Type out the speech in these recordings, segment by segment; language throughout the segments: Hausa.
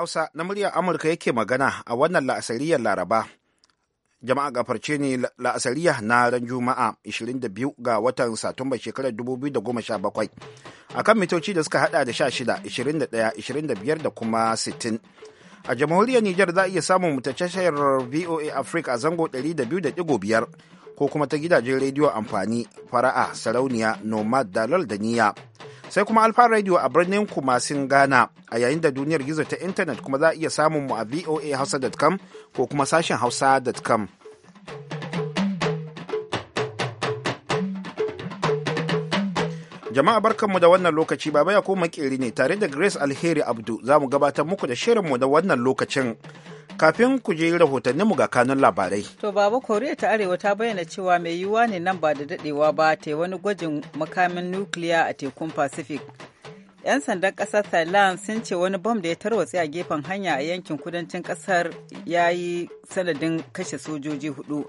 Hausa na muryar Amurka yake magana a wannan la'asariyar Laraba. Jama'a gafarce ne la'asariya na ran Juma'a 22 ga watan Satumba shekarar 2017 a kan mitoci da suka hada da 16, 21, 25 da kuma 60. A jamhuriyar Nijar za a iya samun mutacashiyar VOA Africa a zango 200.5 ko kuma ta gidajen rediyo amfani fara'a sarauniya nomad dalal da niyya. sai kuma alfa radio a birnin kumasin ghana a yayin da duniyar gizo ta intanet kuma za a iya samun mu a voa hausa.com ko kuma sashen hausa.com Jama'a barkanmu da wannan lokaci baba ya koma makeri ne tare da Grace Alheri Abdu za mu gabatar muku da shirinmu da wannan lokacin. Kafin ku je mu ga kanun labarai. To baba Koriya ta Arewa ta bayyana cewa mai yiwuwa ne nan ba da dadewa ba ta wani gwajin makamin nukiliya a tekun Pacific. 'Yan sandan ƙasar Thailand sun ce wani bom da ya tarwatse a gefen hanya a yankin kudancin kasar ya yi sanadin kashe sojoji hudu.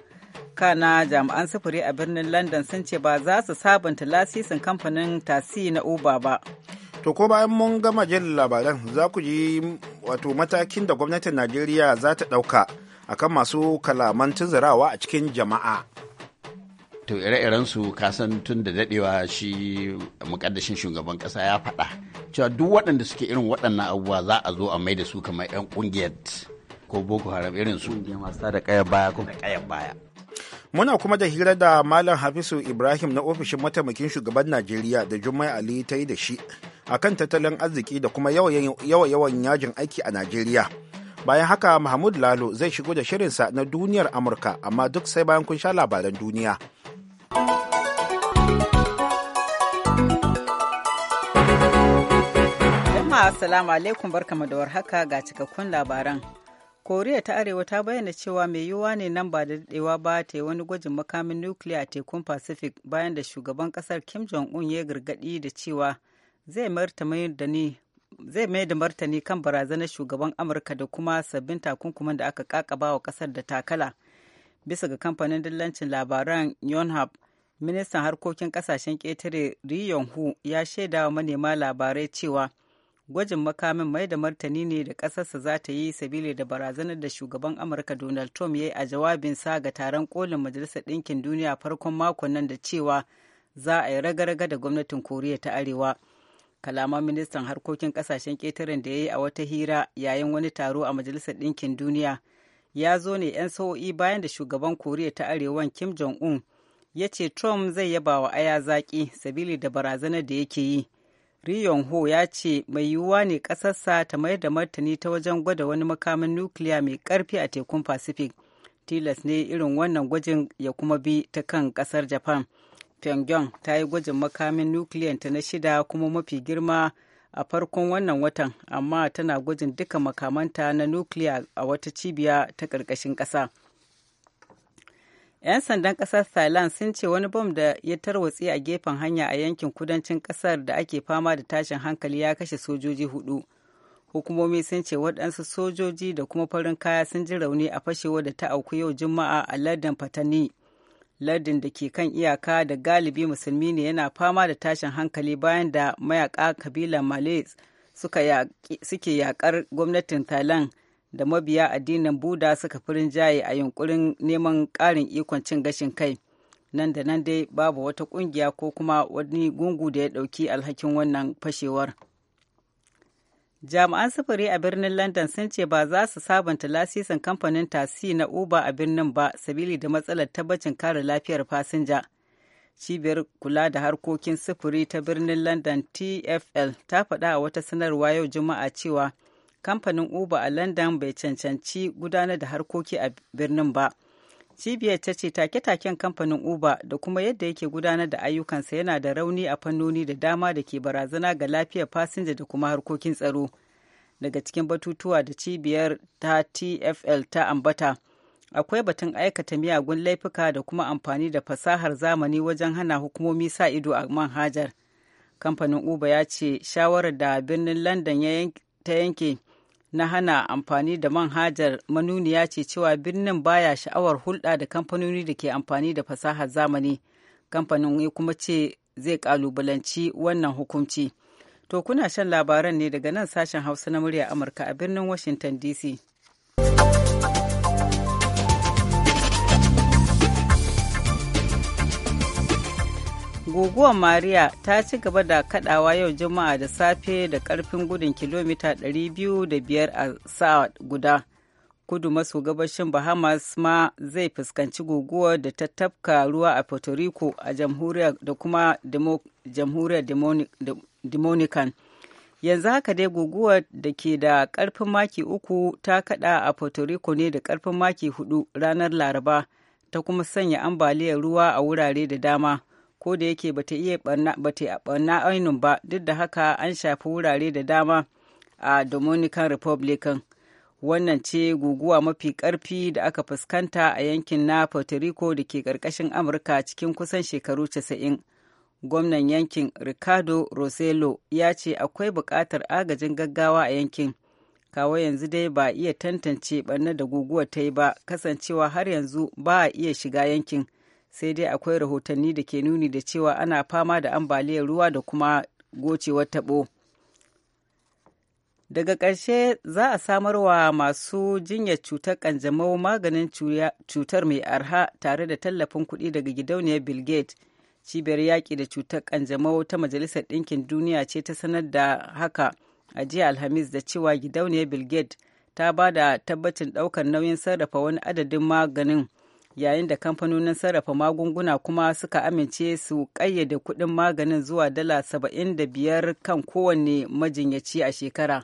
kana jami'an sufuri a birnin london sun ce ba za su sabunta lasisin kamfanin tasi na uber ba to ko bayan mun gama jin labaran za ku ji wato matakin da gwamnatin najeriya za ta ɗauka kan masu kalaman tunzurawa a cikin jama'a to ire-iren su kasan tun da dadewa shi mukaddashin shugaban kasa ya faɗa cewa duk waɗanda suke irin waɗannan abubuwa za a zo a mai da su kamar 'yan ƙungiyar ko boko haram irin su masu da ƙayar baya ko ƙayar baya muna kuma da hira da malam hafisu ibrahim na ofishin mataimakin shugaban najeriya da jummai ali ta yi da shi a kan tattalin arziki da kuma yawan yajin aiki a najeriya bayan haka mahmud lalo zai shigo da shirinsa na duniyar amurka amma duk sai bayan kun sha labaran duniya assalamu alaikum barkamu da warhaka ga cikakkun labaran koriya ta arewa ta bayyana cewa mai yiwuwa ne nan ba da daɗewa ba ta yi wani gwajin makamin nukiliya a tekun pacific bayan da shugaban ƙasar kim jong-un ya gargaɗi da cewa zai mai da martani kan barazanar shugaban amurka da kuma sabbin takunkuman da aka kakaba wa ƙasar da takala bisa ga kamfanin dillancin labaran yonhap ministan harkokin ƙasashen ƙetare ri hu ya shaidawa manema labarai cewa gwajin makamin mai da martani ne da ƙasarsa za ta yi sabili da barazanar da shugaban amurka donald trump ya yi a jawabinsa ga taron kolin majalisar ɗinkin duniya farkon makon nan da cewa za a yi raga-raga da gwamnatin koriya ta arewa kalaman ministan harkokin ƙasashen ƙetaren da ya yi a wata hira yayin wani taro a majalisar ɗinkin duniya ya zo ne 'yan sa'o'i bayan da shugaban koriya ta arewa kim jong-un ya ce trump zai yaba wa aya zaƙi sabili da barazanar da yake yi Ri Yong Ho ya ce mai yiwuwa ne ƙasarsa ta mayar da martani ta wajen gwada wani makamin nukiliya mai ƙarfi a tekun Pacific. Tilas ne irin wannan gwajin ya kuma bi ta kan ƙasar Japan. Pyongyang ta yi gwajin makamin nukiliyanta na shida kuma mafi girma a farkon wannan watan, amma tana gwajin duka makamanta na nukiliya a wata cibiya ta ƙarƙashin ƙasa. 'Yan sandan kasar Thailand sun ce wani bom da ya tarwatse a gefen hanya a yankin kudancin kasar da ake fama da tashin hankali ya kashe sojoji hudu. Hukumomi sun ce waɗansu sojoji da kuma farin kaya sun ji rauni a fashewa da ta auku yau Juma'a a lardin Fatani. Lardin da ke kan iyaka da galibi musulmi ne yana fama da tashin hankali bayan da mayaka kabilan Malays suke yakar gwamnatin Thailand da mabiya addinin buda suka firin jaye a yunkurin neman ƙarin ikon cin gashin kai nan da nan dai babu wata ƙungiya ko kuma wani gungu da ya ɗauki alhakin wannan fashewar jami'an sufuri a birnin london sun ce ba za su sabanta lasisin kamfanin tasi na uber a birnin ba sabili da matsalar tabbacin kare lafiyar fasinja cibiyar kula da harkokin sufuri ta birnin london tfl ta faɗa a wata sanarwa yau juma'a cewa kamfanin uber a london bai cancanci gudanar da harkoki a birnin ba cibiyar ta ce take-taken kamfanin uber da kuma yadda yake gudanar da ayyukansa yana da rauni a fannoni da dama da ke barazana ga lafiyar fasinja da kuma harkokin tsaro daga cikin batutuwa da cibiyar ta tfl ta ambata akwai batun aikata miyagun laifuka da kuma amfani da fasahar zamani wajen hana hukumomi sa ido a manhajar kamfanin uber ya ce shawarar da birnin london ta yanke na hana amfani da manhajar manuniya ce cewa birnin baya sha'awar hulɗa da kamfanoni da ke amfani da fasahar zamani kamfanin ya kuma ce zai kalubalanci wannan hukunci to kuna shan labaran ne daga nan sashen hausa na murya amurka a birnin washington dc Guguwar Maria ta ci gaba da kadawa yau Juma'a da safe da karfin gudun kilomita 205 a sa'a guda. Kudu maso gabashin Bahamas ma zai fuskanci guguwar da ta tafka ruwa a Puerto Rico a jamhuriyar da kuma jamhuriyar Dominican. Yanzu haka dai guguwar da ke da karfin maki uku ta kada a Puerto Rico ne da karfin maki hudu ranar Laraba ta kuma sanya ambaliyar ruwa a wurare da dama. ko da yake bata iya barna ainihin ba duk da haka an shafi wurare da dama a dominican republican wannan ce guguwa mafi ƙarfi da aka fuskanta a yankin na puerto rico da ke karkashin amurka cikin kusan shekaru 90 gwamnan yankin ricardo rosello ya ce akwai buƙatar agajin gaggawa a yankin kawo yanzu dai ba iya tantance barna da guguwa ta yi ba kasancewa har yanzu ba a iya shiga yankin sai dai akwai rahotanni da ke nuni da cewa ana fama da ambaliyar ruwa da kuma gocewar taɓo. Daga ƙarshe za a samar wa masu jinyar cutar ƙanjamau maganin cutar mai arha tare da tallafin kuɗi daga gidauniyar Bill Gates. Cibiyar yaƙi da cutar ƙanjamau ta Majalisar Ɗinkin Duniya ce ta sanar da haka a jiya Alhamis da cewa gidauniyar Bill Gates ta ba da tabbacin ɗaukar nauyin sarrafa wani adadin maganin yayin da kamfanonin sarrafa magunguna kuma suka amince su ƙayyade kuɗin maganin zuwa dala 75 kan kowanne majinyaci a shekara.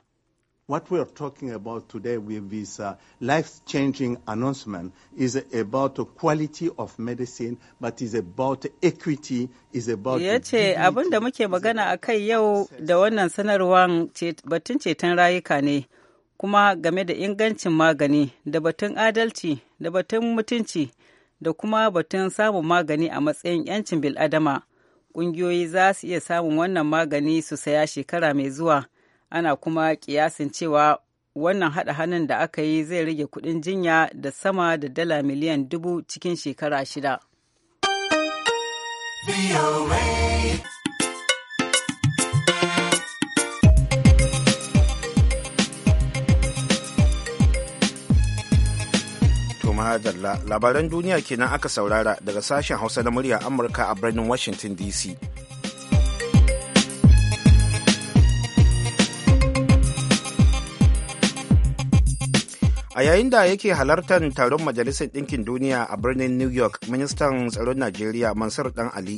What we are talking about today with this uh, life-changing announcement is about the quality of medicine, but is about equity, is about... Ya ce abin da muke magana a kai yau da wannan sanarwar batun ceton rayuka ne. kuma game da ingancin magani da batun adalci da batun mutunci da kuma batun samun magani a matsayin 'yancin bil'adama ƙungiyoyi za su iya samun wannan magani su saya shekara mai zuwa ana kuma ƙiyasin cewa wannan haɗa hannun da aka yi zai rage kuɗin jinya da sama da dala miliyan dubu cikin shekara shida. madalla labaran duniya kenan aka saurara daga sashen hausa na murya amurka a birnin washington dc a yayin da yake halartar taron majalisar ɗinkin duniya a birnin new york ministan tsaron najeriya mansur dan ali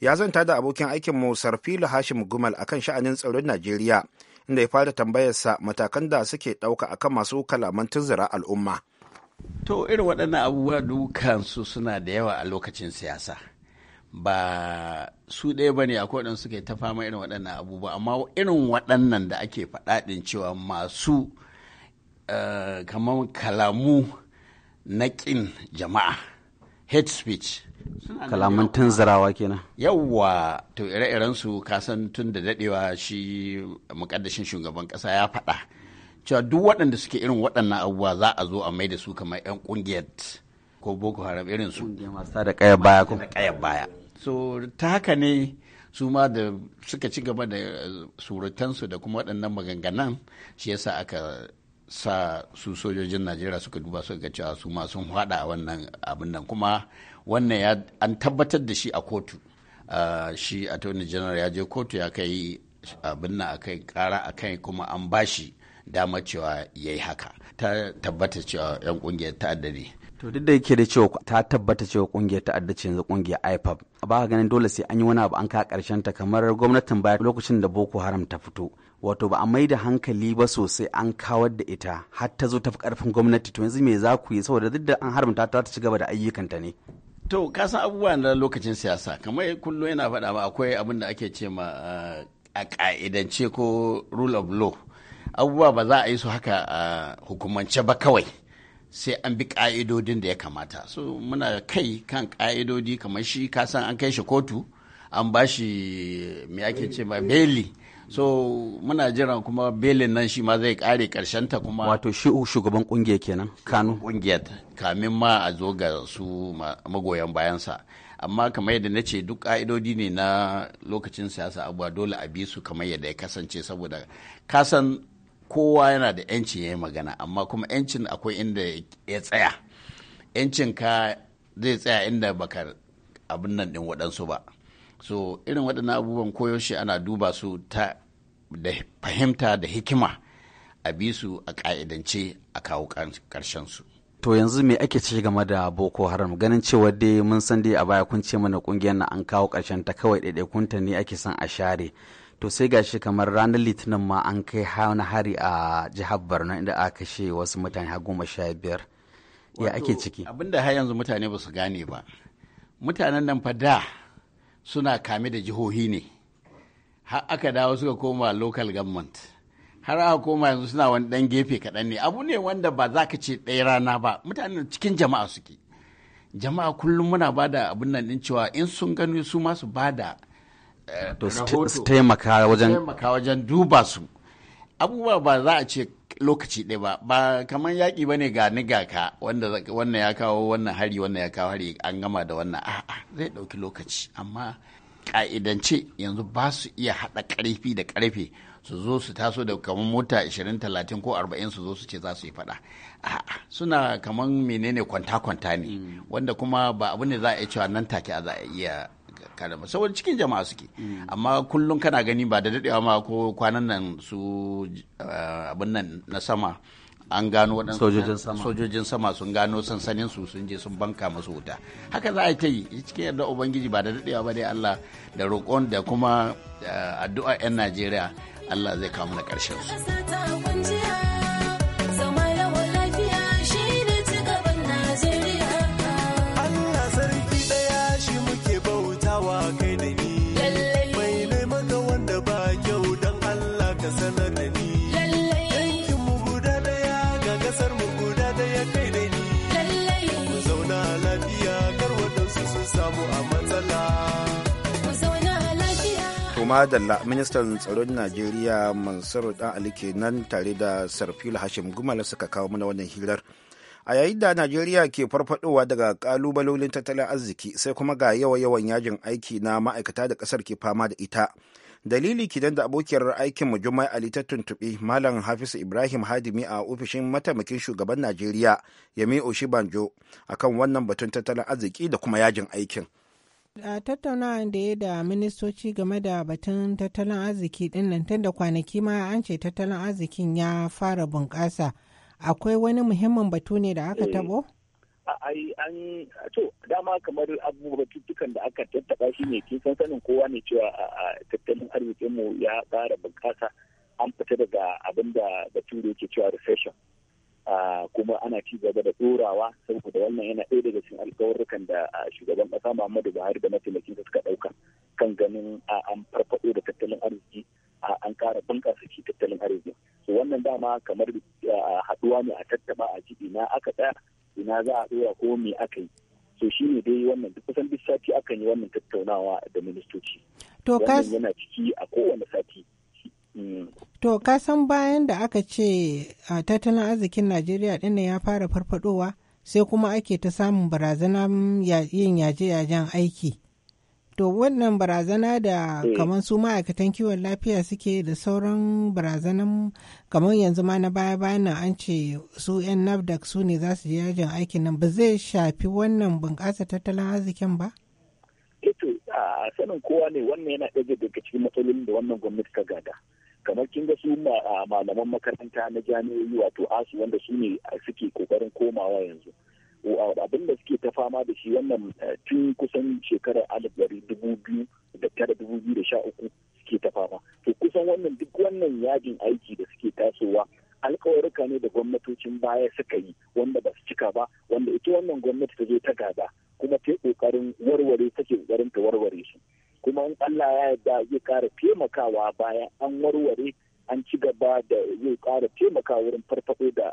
ya zanta da abokin aikinmu sarfilu hashim gumal akan sha'anin tsaron najeriya inda ya fara tambayarsa matakan da suke ɗauka akan masu kalaman tunzura al'umma To irin waɗannan abubuwa dukansu suna da yawa a lokacin siyasa. Ba su ɗaya ba ne akwai waɗanda suke ta fama irin waɗannan abubuwa amma irin waɗannan da ake faɗaɗin cewa masu eh, kamar kalamu na ƙin jama'a hate speech kalaman zarawa kenan yawwa to ire-irensu kasan tun da dadewa shi mukaddashin shugaban kasa ya faɗa cewa duk waɗanda suke irin waɗannan abubuwa za a zo a mai da su kamar 'yan ƙungiyar ko boko haram irin su da baya ko baya so ta haka ne su ma da suka ci gaba da eh, surutansu da kuma waɗannan maganganan shi yasa aka sa su sojojin najeriya suka duba su ga cewa su ma sun hada wannan abin nan kuma wannan ya an tabbatar da shi a kotu ah, shi attorney general ya je kotu ya kai abin nan akai kara kai kuma an bashi dama cewa ya yi haka ta tabbata cewa 'yan kungiyar ta'adda ne to duk da yake da cewa ta tabbata cewa kungiyar ta'adda ce yanzu kungiyar ipab ba ka ganin dole sai an yi wani abu an ka karshen ta kamar gwamnatin baya lokacin da boko haram ta fito wato ba a mai da hankali ba sosai an kawar da ita har ta zo ta fi karfin gwamnati to yanzu me za ku yi saboda duk da an haramta ta ta ci gaba da ayyukanta ne to ka san abubuwa na lokacin siyasa kamar kullum yana faɗa ba akwai abin da ake ce ma eh, a ka'idance ko rule of law abubuwa ba za a yi su haka a hukumance ba kawai sai an bi ka'idodin da ya kamata so muna kai kan ka'idodi kamar shi kasan an kai shi kotu an ba shi me ake ce ma beli so muna jiran kuma belin nan shi ma zai kare karshen ta kuma wato shi shugaban kungiya kenan kanu kungiyar kamin ma a zo ga su magoyan bayansa amma kamar yadda na ce duk ka'idodi ne na lokacin siyasa abuwa dole a bi su kamar yadda ya kasance saboda kasan kowa yana da yancin ya yi magana amma kuma yancin akwai inda ya tsaya yancin ka zai tsaya inda baka abin nan din waɗansu ba so irin waɗannan abubuwan koyaushe ana duba su ta da fahimta da hikima a bi su a ƙa'idance a kawo ƙarshen su to yanzu me ake ce game da boko haram ganin cewa dai mun san dai a baya kun ce mana kungiyar na an kawo ƙarshen ta kawai ɗaiɗaikunta ne ake son a share to sai gashi kamar ranar litinin ma an kai wani hari a jihar borno inda aka kashe wasu mutane har goma sha biyar ya ake ciki abinda har yanzu mutane ba su gane ba mutanen nan fa da suna kame da jihohi ne har aka dawo suka koma local government har aka koma yanzu suna wani dan gefe kaɗan ne abu ne wanda ba za ka ce ɗaya rana ba mutanen cikin jama'a suke jama'a kullum muna bada abin nan din cewa in sun gani su masu bada to su taimaka wajen duba su abubuwa ba za a ce lokaci ɗaya ba ba kamar yaƙi ba ne ga niga ka wanda wannan ya kawo wannan hari wannan ya kawo hari an gama da wannan a'a zai ɗauki lokaci amma ƙa'idance yanzu ba su iya haɗa ƙarfi da ƙarfe su zo su taso da kamar mota 20 30 ko 40 su zo su ce za su yi fada a'a suna kamar menene kwanta-kwanta ne mm. wanda kuma ba abu ne za a yi cewa nan take a za a iya kada ba saboda cikin jama'a suke amma kullum kana gani ba da dadewa ma ko kwanan nan su eh, abin nan na sama an gano waɗansu sojojin sama sun gano sansanin su sun je sun banka masu wuta haka za a ta yi cikin yadda ubangiji ba da daɗewa ba dai Allah da roƙon da kuma eh, addu'a 'yan Najeriya Allah zai kawo mana ƙarshen su. Tuma Dalla ministan tsaron Najeriya Mansur Dan Ali kenan tare da Sarfil Hashim gumal suka kawo mana wannan hirar. A yayin da Najeriya ke farfadowa daga kalubalolin tattalin arziki sai kuma ga yawa-yawan yajin aiki na ma'aikata da kasar ke fama da ita. Dalili kidan da abokiyar aikin mu Jummai Ali ta tuntuɓi Malam Hafizu Ibrahim Hadimi a ofishin mataimakin shugaban Najeriya Yemi Oshibanjo akan wannan batun tattalin arziki da kuma yajin aikin. a tattaunawa da ya da ministoci game da batun tattalin arziki din nan tun da kwanaki ma an ce tattalin arzikin ya fara bunƙasa akwai wani muhimmin batu ne da aka eh, tabo? ai an to dama kamar abubuwa tuttukan da aka tattaba shi ne kin san sanin kowa ne cewa a tattalin arzikinmu ya fara bunƙasa an fita daga abin da bature ke cewa recession kuma ana ci gaba da ɗorawa saboda wannan yana ɗaya daga cikin alkawarrukan da shugaban ƙasa Muhammadu Buhari da da suka ɗauka kan ganin an farfaɗo da tattalin arziki an ƙara bunƙasa shi tattalin arziki. So wannan dama kamar haɗuwa ne a tattaba a ciki na aka ɗaya ina za a ɗora ko me aka yi. So shi ne dai wannan duk kusan duk sati akan yi wannan tattaunawa da ministoci. To yana ciki a kowane sati. Hmm. To, ka san bayan da aka ce a tattalin arzikin Najeriya ɗin ya fara farfadowa sai kuma ake ta samun barazana yin yaje-yajen aiki. To, wannan barazana da eh. kamar su ma'aikatan kiwon lafiya suke da sauran barazanan kamar yanzu ma na baya-bayan an ce su 'yan NAFDAC su ne za su je yajin aikin nan ba zai shafi wannan bunƙasa tattalin arzikin ba? Ito, eh a sanin kowa ne wannan yana ɗaya daga cikin matsalolin da wannan gwamnati ka gada. su malaman makaranta na jami'o'i wato asu wanda su ne suke kokarin komawa yanzu abin da suke ta fama da shi wannan eh, tun kusan shekarar alif dari dubu biyu da tara dubu biyu da sha uku suke ta fama to kusan wannan duk wannan yajin aiki da suke tasowa alkawarika ne da gwamnatocin baya suka yi wanda ba su cika ba wanda ita wannan gwamnati ta zo ta gada kuma ta kokarin warware take kokarin ta warware su kuma in Allah ya yarda zai kara taimakawa bayan an warware an ci gaba da zai kara taimaka wurin farfaɗo da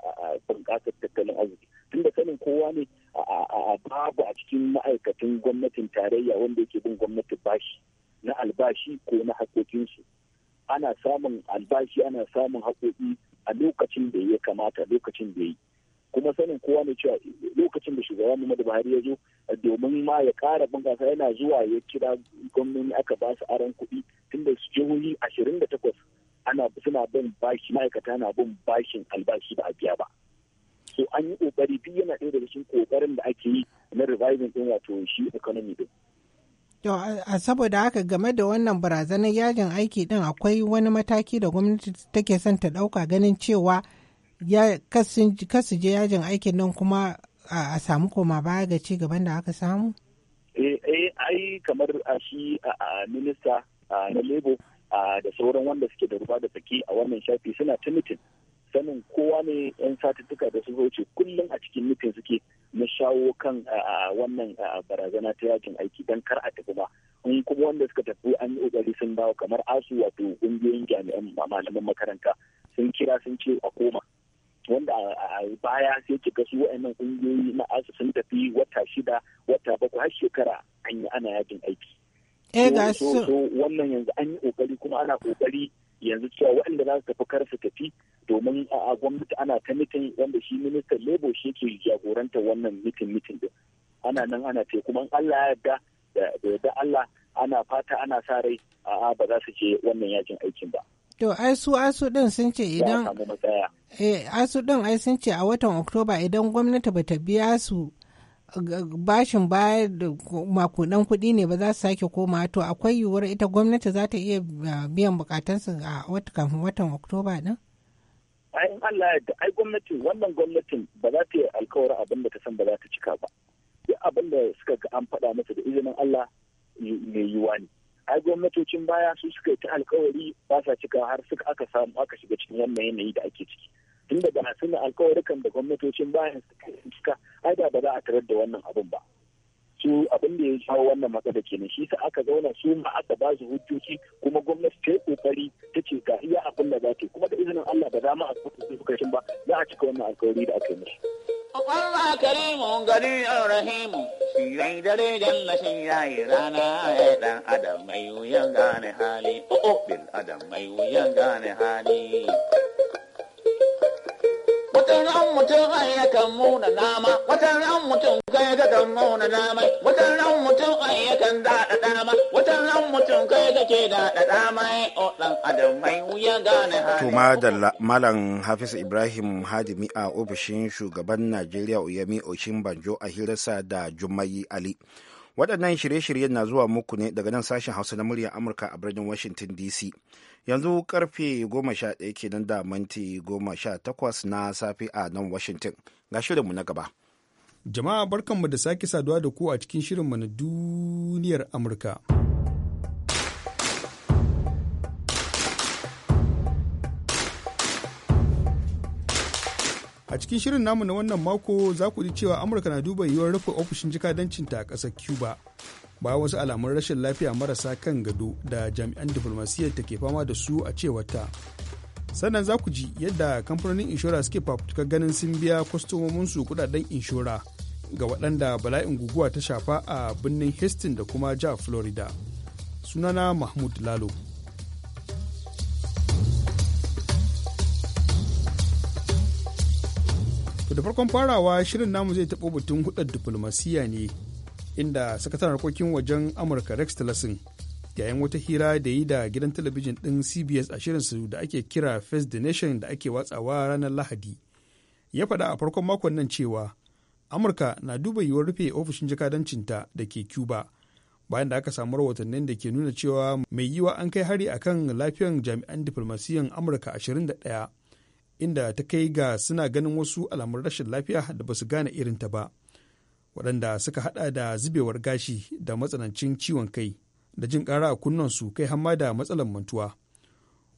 bunƙasar tattalin arziki tun da sanin kowa ne a babu a cikin ma'aikatan gwamnatin tarayya wanda yake bin gwamnati bashi na albashi ko na haƙoƙinsu ana samun albashi ana samun haƙoƙi a lokacin da ya kamata lokacin da ya yi kuma sanin kowa ne cewa lokacin da shugaban Muhammadu Buhari ya zo domin ma ya kara bunƙasa yana zuwa ya kira gwamnoni aka ba su aron kuɗi tun da jihohi ashirin da takwas ana suna bin bashi ma'aikata na bin bashin albashi ba a biya ba so an yi kokari duk yana ɗaya daga cikin kokarin da ake yi na reviving din wato shi economy din To, a saboda haka game da wannan barazanar yajin aiki din akwai wani mataki da gwamnati take son ta ɗauka ganin cewa kasu je yajin aikin nan kuma a samu koma baya ga ci gaban da aka samu? Eh, eh ai kamar a shi a minista na labor da sauran wanda suke da ruwa da tsaki a wannan shafi suna ta mitin sanin kowa ne yan satuttuka da su wuce kullum a cikin mitin suke na shawo kan wannan barazana ta yakin aiki don kar a tafi ba in kuma wanda suka tafi an yi sun dawo kamar asu wato ƙungiyoyin jami'an malaman makaranta sun kira sun ce a koma wanda a baya sai ki ga su wa'annan ƙungiyoyi na asu sun tafi wata shida wata bakwai har shekara an yi ana yakin aiki eh ga su wannan yanzu an yi kokari kuma ana kokari yanzu cewa waɗanda za su tafi kar su tafi domin a gwamnati ana ta mitin wanda shi ministan lebo shi ke jagoranta wannan mitin mitin din ana nan ana ce kuma Allah ya yarda da yarda Allah ana fata ana sa rai a'a ba za su je wannan yajin aikin ba To ai su asu din sun ce idan eh asu din ai sun ce a watan Oktoba idan gwamnati bata biya su bashin baya da makudan kuɗi ne ba za su sake koma to akwai yiwuwar ita gwamnati za ta iya ah, biyan bukatansu a kafin watan oktoba din? ai Allah da ai gwamnatin wannan gwamnatin ba za ta yi alkawarin abin da ta san ba za ta cika ba duk abin da suka ga an faɗa masa da izinin Allah mai yiwuwa ne ai gwamnatocin baya su suka yi ta alkawari ba sa cika har suka aka samu aka shiga cikin wannan yanayi da ake ciki tunda da suna alkawarikan da gwamnatocin bayan suka ai da ba za a tarar da wannan abun ba su abin da ya shawo wannan matsala kenan shi sa aka zauna su ma aka ba su hujjoji kuma gwamnati ta yi kokari ta ce ga iya abin da za ta kuma da izinin Allah ba za mu a kuma su kashin ba za a cika wannan alkawari da aka yi mishi. Allah karimu gari rahimu shirai dare dan shi yayi rana ya dan adam mai wuyan gane hali o oh, oh, bil adam mai wuyan gane hali watan ran mutum an ya kan muna nama watan ran mutum kai ga kan muna nama watan ran mutum an ya kan daɗa dama ran mutum kai ga ke daɗa dama o dan adam mai wuya gane to madalla malam hafiz ibrahim hadimi a ofishin shugaban najeriya oyemi oshin banjo a hirarsa da jummai ali waɗannan shirye-shiryen na zuwa muku ne daga nan sashen hausa na muryar amurka a birnin washington dc yanzu karfe 11 kenan da minti 18 na safe a nan washington ga shirinmu na gaba jama'a barkanmu da sake saduwa da ku a cikin shirinmu na duniyar amurka a cikin shirin namu na wannan mako za ku ji cewa amurka na duba yiwuwar rufe ofishin jikadancinta a ƙasar cuba ba wasu alamun rashin lafiya marasa kan gado da jami'an diflomasiyyar ta ke fama da su a cewar sannan za ku ji yadda kamfanonin inshora suke fafutukar ganin sun biya kwastomomin su kudaden inshora ga waɗanda bala'in guguwa ta shafa a birnin Houston da kuma jihar Florida. Sunana Mahmud Lalo. da farkon farawa shirin namu zai taɓo batun hudar diflomasiyya ne inda sakataren harkokin wajen amurka rex tillerson yayin wata hira da yi da gidan talabijin ɗin cbs a shirinsu da ake kira face the nation da ake watsawa ranar lahadi ya faɗa a farkon makon nan cewa amurka na duba yiwuwar rufe ofishin jakadancinta da ke cuba bayan da aka samu rahotannin da ke nuna cewa mai yiwa an kai hari akan lafiyan jami'an diflomasiyan amurka 21 inda ta kai ga suna ganin wasu alamun rashin lafiya da ba su gane ta ba waɗanda suka haɗa da zubewar gashi da matsanancin ciwon kai da jin ƙara a su kai hamma da matsalar mantuwa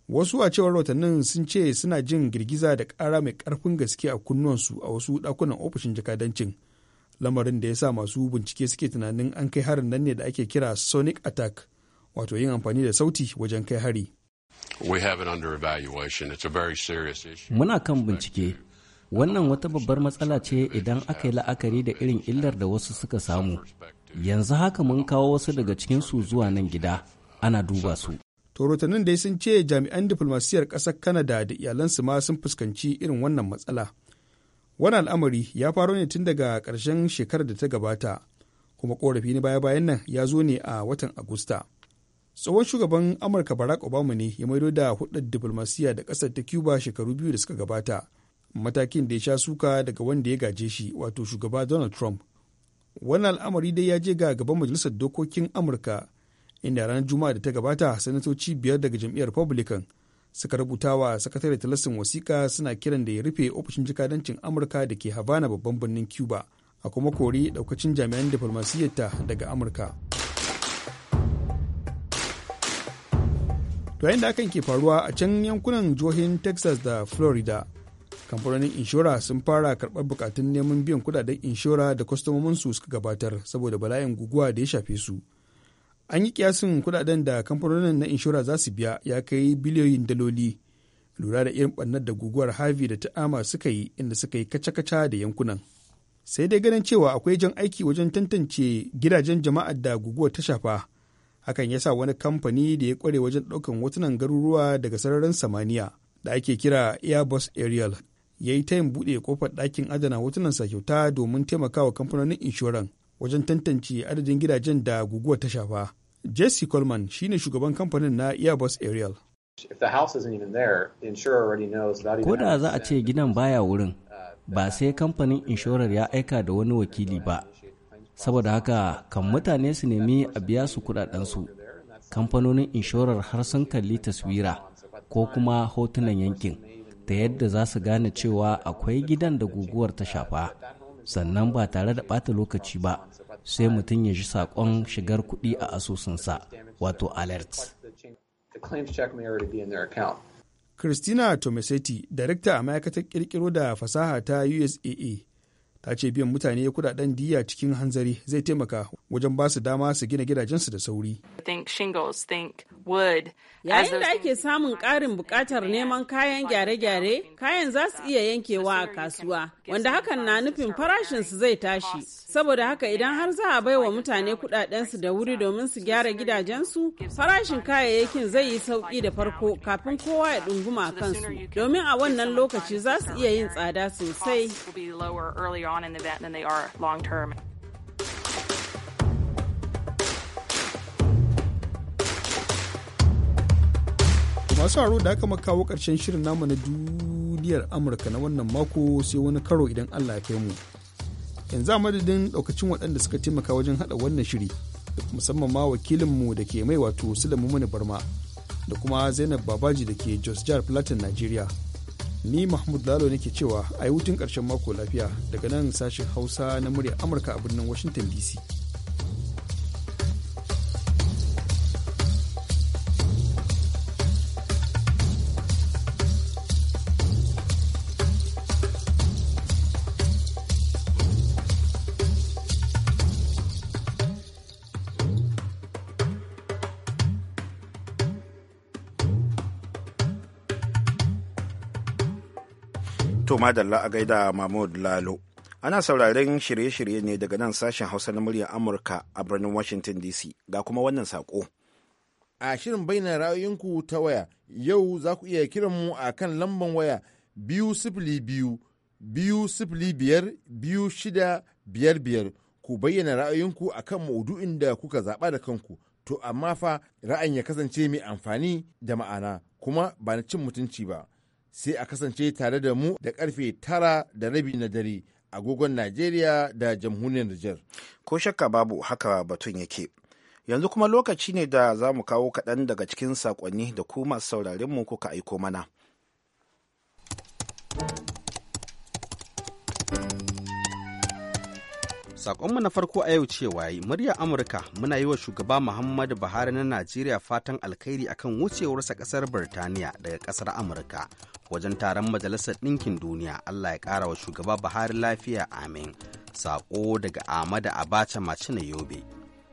wasu a cewar watannin sun ce suna jin girgiza da ƙara mai ƙarfin gaske a kunnuwansu a wasu ɗakunan ofishin jakadancin lamarin da ya sa masu bincike suke tunanin an kai harin nan ne da ake kira sonic attack wato yin amfani da sauti wajen kai hari muna kan bincike wannan wata babbar matsala ce idan aka yi la'akari da irin illar da wasu suka samu yanzu haka mun kawo wasu daga cikinsu zuwa nan gida ana duba su da dai sun ce jami'an diflomasiyar ƙasar kanada da iyalansu ma sun fuskanci irin wannan matsala wannan al'amari ya faro ne tun daga ƙarshen shekarar da ta gabata kuma korafi na baya-bayan nan ya zo ne a watan agusta tsohon shugaban amurka barack obama ne ya maido da hudar diflomasiyya da ƙasar ta cuba shekaru biyu da suka gabata matakin da ya sha suka daga wanda ya gaje shi wato shugaba donald trump wannan al'amari dai ya je ga gaban majalisar dokokin amurka inda ranar juma'a da ta gabata sanatoci biyar daga jam'iyyar republican suka rubuta wa sakatare talasin wasiƙa suna kiran da ya rufe ofishin jikadancin amurka da ke havana babban birnin cuba a kuma kori ɗaukacin jami'an diflomasiyyarta daga amurka to yayin da hakan ke faruwa a can yankunan jihohin texas da florida kamfanonin inshora sun fara karɓar bukatun neman biyan kudaden inshora da kwastomominsu suka gabatar saboda bala'in guguwa da ya shafe su an yi kiyasin kudaden da kamfanonin na inshora za su biya ya kai biliyoyin daloli lura da irin ɓannar da guguwar harvey da ta'ama suka yi inda suka yi kaca-kaca da yankunan sai dai ganin cewa akwai jan aiki wajen tantance gidajen jama'ar da guguwar ta shafa hakan ya sa wani kamfani da ya kware wajen ɗaukan hotunan garuruwa daga sararin samaniya da ake kira airbus aerial ya yi tayin buɗe kofar ɗakin adana hotunansa kyauta domin taimakawa kamfanonin inshoran wajen tantance adadin gidajen da guguwa ta shafa. Jesse Coleman shine shugaban kamfanin na Airbus Aerial. Ko da za a ce gidan baya wurin, uh, ba sai kamfanin inshorar ya aika da wani wakili ba. Saboda haka, kan mutane su nemi a biya su kudadensu, kamfanonin inshorar har sun kalli taswira ko kuma hotunan yankin. ta yadda za su gane cewa akwai gidan da guguwar ta shafa sannan ba tare da ɓata lokaci ba sai mutum ya ji saƙon shigar kuɗi a asusunsa wato alert christina tomasetti darakta a ma'aikatar kirkiro da fasaha ta usaa ta ce biyan mutane kudaden diya cikin hanzari zai taimaka wajen ba su dama su gina gidajensu da sauri. Yayin da ake samun ƙarin buƙatar neman kayan gyare-gyare, kayan za su iya yankewa a kasuwa, wanda hakan na nufin farashinsu zai tashi. Saboda haka idan har za a baiwa mutane kudadensu da wuri domin su gyara gidajensu, farashin kayayyakin zai yi sauki da farko kafin kowa ya dunguma kansu. Domin a wannan lokaci za su iya yin tsada sosai. masu haro da aka makawo karshen shirin namu na duniyar amurka na wannan mako sai wani karo idan allah ya kai mu yanzu a madadin daukacin waɗanda suka taimaka wajen haɗa wannan shiri musamman ma wakilinmu da ke mai wato sulamu mani barma da kuma zainab babaji da ke jos jihar platin nigeria ni mahmud lalo nake cewa a yi hutun ƙarshen mako lafiya daga nan sashen hausa na murya amurka a birnin washington dc To madalla a gaida Mahmud Lalo. Ana sauraron shirye-shirye ne daga nan sashen Hausa na muryar Amurka a birnin Washington DC ga kuma wannan sako. A shirin bayyana ra'ayinku ta waya yau za ku iya kiran mu a kan lamban waya biyu sifili biyu biyu sifili biyar biyu shida biyar biyar ku bayyana ra'ayinku a kan maudu'in da kuka zaɓa da kanku to amma fa ra'ayin ya kasance mai amfani da ma'ana kuma ba na cin mutunci ba. sai a kasance tare da mu da karfe tara da rabi na dare agogon Najeriya da jamhuriyar Nijar. Ko shakka babu haka batun yake. Yanzu kuma lokaci ne da za mu kawo kaɗan daga cikin saƙonni da kuma sauraren mu kuka aiko mana. Sakonmu na farko a yau cewa yi murya Amurka muna yi wa shugaba Muhammadu Buhari na Najeriya fatan alkhairi akan wucewarsa ƙasar Birtaniya daga ƙasar Amurka wajen taron Majalisar Ɗinkin Duniya Allah ya ƙara wa shugaba Buhari lafiya amin. Saƙo daga Amadu Abacha na Yobe.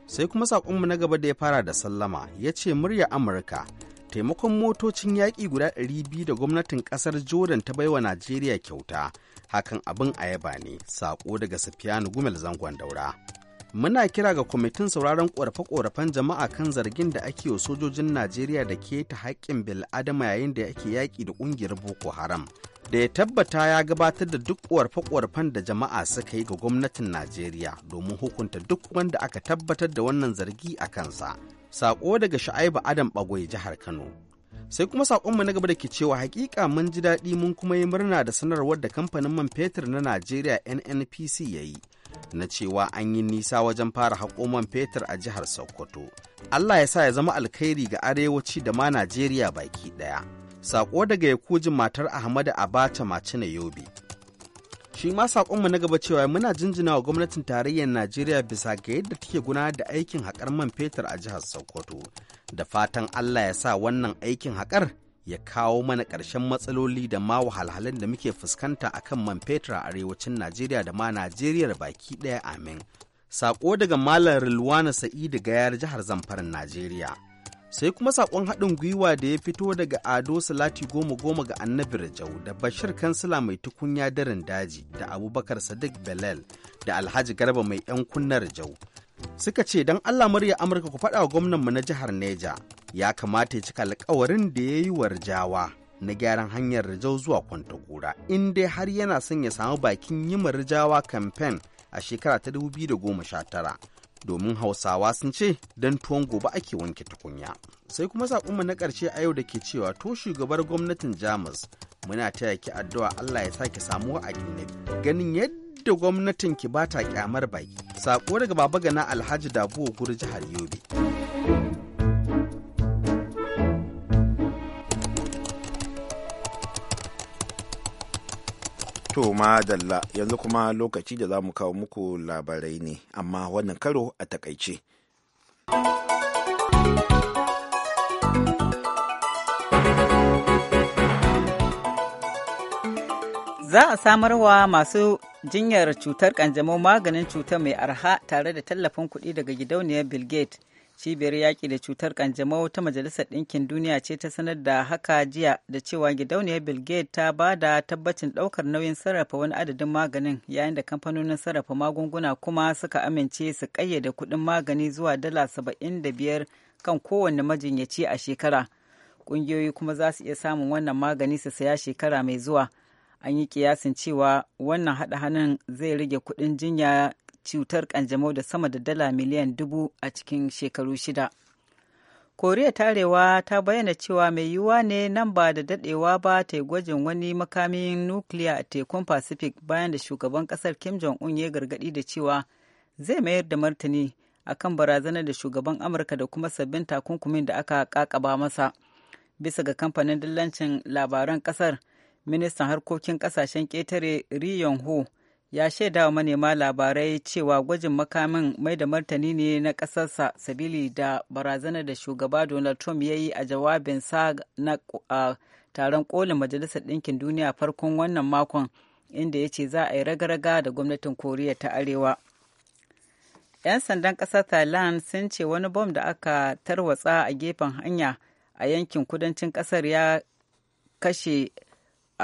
Sai kuma sakonmu na gaba da ya fara da sallama ya ce murya Amurka taimakon motocin yaƙi guda 200 da gwamnatin ƙasar Jordan ta baiwa Najeriya kyauta hakan abin ayaba ne saƙo daga sufiyanu gumel zangon daura muna kira ga kwamitin sauraron ƙorafe-ƙorafen jama'a kan zargin da ake wa sojojin najeriya da keta haƙƙin bil'adama yayin da ake yaƙi da ƙungiyar boko haram da ya tabbata ya gabatar da duk ƙorafe-ƙorafen da jama'a suka yi ga gwamnatin najeriya domin hukunta duk wanda aka tabbatar da wannan zargi a kansa saƙo daga sha'aibu adam bagwai jihar kano sai kuma saƙonmu na gaba da ke cewa hakika mun ji daɗi mun kuma yi murna da sanarwar da kamfanin man fetur na najeriya nnpc ya yi na cewa an yi nisa wajen fara haƙo man fetur a jihar sokoto allah ya sa ya zama alkhairi ga arewaci da ma najeriya baki ɗaya saƙo daga yakujin matar ahmadu abacha mace na yobe shi ma saƙonmu na gaba cewa muna jinjina wa gwamnatin tarayyar najeriya bisa ga yadda take gudanar da aikin haƙar man fetur a jihar sokoto da fatan Allah ya sa wannan aikin haƙar ya kawo mana ƙarshen matsaloli da ma wahalhalun da muke fuskanta a kan man fetur a arewacin Najeriya da ma Najeriya baki ɗaya amin. Saƙo daga Malam Rilwana Sa'idu Gayar jihar Zamfaran Najeriya. Sai kuma saƙon haɗin gwiwa da ya fito daga Ado Salati Goma Goma ga Annabi Rajau da Bashir Kansila Mai Tukunya Daren Daji da Abubakar Sadiq Belal da Alhaji Garba Mai 'yan kunnar Rajau. suka ce don Allah murya Amurka ku faɗa wa gwamnanmu na jihar Neja ya kamata ya cika alkawarin da ya yi warjawa na gyaran hanyar Rijau zuwa Kwantagora in dai har yana son ya samu bakin yi Rijawa kamfen a shekara ta 2019 domin Hausawa sun ce don tuwon gobe ake wanke tukunya. Sai kuma saƙonmu na ƙarshe a yau da ke cewa to shugabar gwamnatin Jamus muna ta yaki addu'a Allah ya sake samuwa a ganin yadda duk da gwamnatin ki ba ta kyamar baki sako daga baba gana alhaji dabuwa guri jihar yobe to madalla yanzu kuma lokaci da za mu kawo muku labarai ne amma wannan karo a takaice za a samarwa masu jinyar cutar kanjamau maganin cutar mai arha tare da tallafin kuɗi daga gidauniyar bill gates cibiyar yaƙi da cutar kanjamau ta majalisar ɗinkin duniya ce ta sanar da haka jiya da cewa gidauniyar bill gates ta ba da tabbacin ɗaukar nauyin sarrafa wani adadin maganin yayin da kamfanonin sarrafa magunguna kuma suka amince su ƙayyade kuɗin magani zuwa dala saba'in da biyar kan kowanne majinyaci a shekara ƙungiyoyi kuma za su iya samun wannan magani su saya shekara mai zuwa an yi kiyasin cewa wannan haɗa hannun zai rage kuɗin jinya cutar kanjamau da sama da dala miliyan dubu a cikin shekaru shida koriya tarewa ta bayyana cewa mai yiwuwa ne nan ba da dadewa ba ta yi gwajin wani makamin nukiliya a tekun pacific bayan da shugaban kasar kim jong un ya gargaɗi da cewa zai mayar da martani akan barazanar da shugaban amurka da kuma sabbin takunkumin da aka kakaba masa bisa ga kamfanin dillancin labaran kasar ministan harkokin kasashen ƙetare ri ho ya shaida wa manema labarai cewa gwajin makamin mai da martani ne na ƙasarsa sabili da barazanar da shugaba donald trump ya yi a sa na taron kolin majalisar ɗinkin duniya farkon wannan makon inda ya ce za a yi raga-raga da gwamnatin koriya ta arewa 'yan sandan ƙasar thailand sun ce wani bom da aka tarwatsa a gefen hanya a yankin kudancin ƙasar ya kashe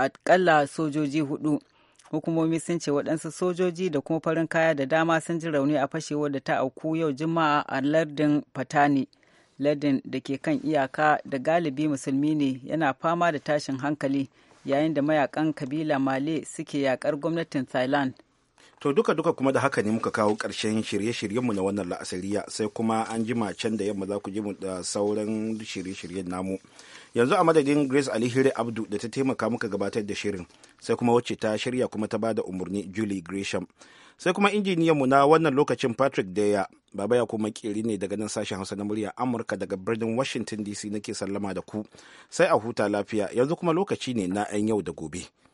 akalla sojoji hudu hukumomi sun ce waɗansu sojoji da kuma farin kaya da dama sun ji rauni a fashewar da ta auku yau juma'a a lardin fatani lardin da ke kan iyaka da galibi musulmi ne yana fama da tashin hankali yayin da mayakan kabila male suke yakar gwamnatin thailand to duka duka kuma da haka ne muka kawo ƙarshen shirye-shiryenmu na wannan la'asariya sai kuma an jima can da yamma za ku ji mu da sauran shirye-shiryen namu yanzu a madadin grace alihiri abdu da ta taimaka muka gabatar da shirin sai kuma wacce ta shirya kuma ta bada umarni julie gresham sai kuma injiniyanmu na wannan lokacin patrick daya baba ya kuma kiri ne daga nan sashen hausa na murya amurka daga birnin washington dc nake sallama da ku sai a huta lafiya yanzu kuma lokaci ne na 'yan yau da gobe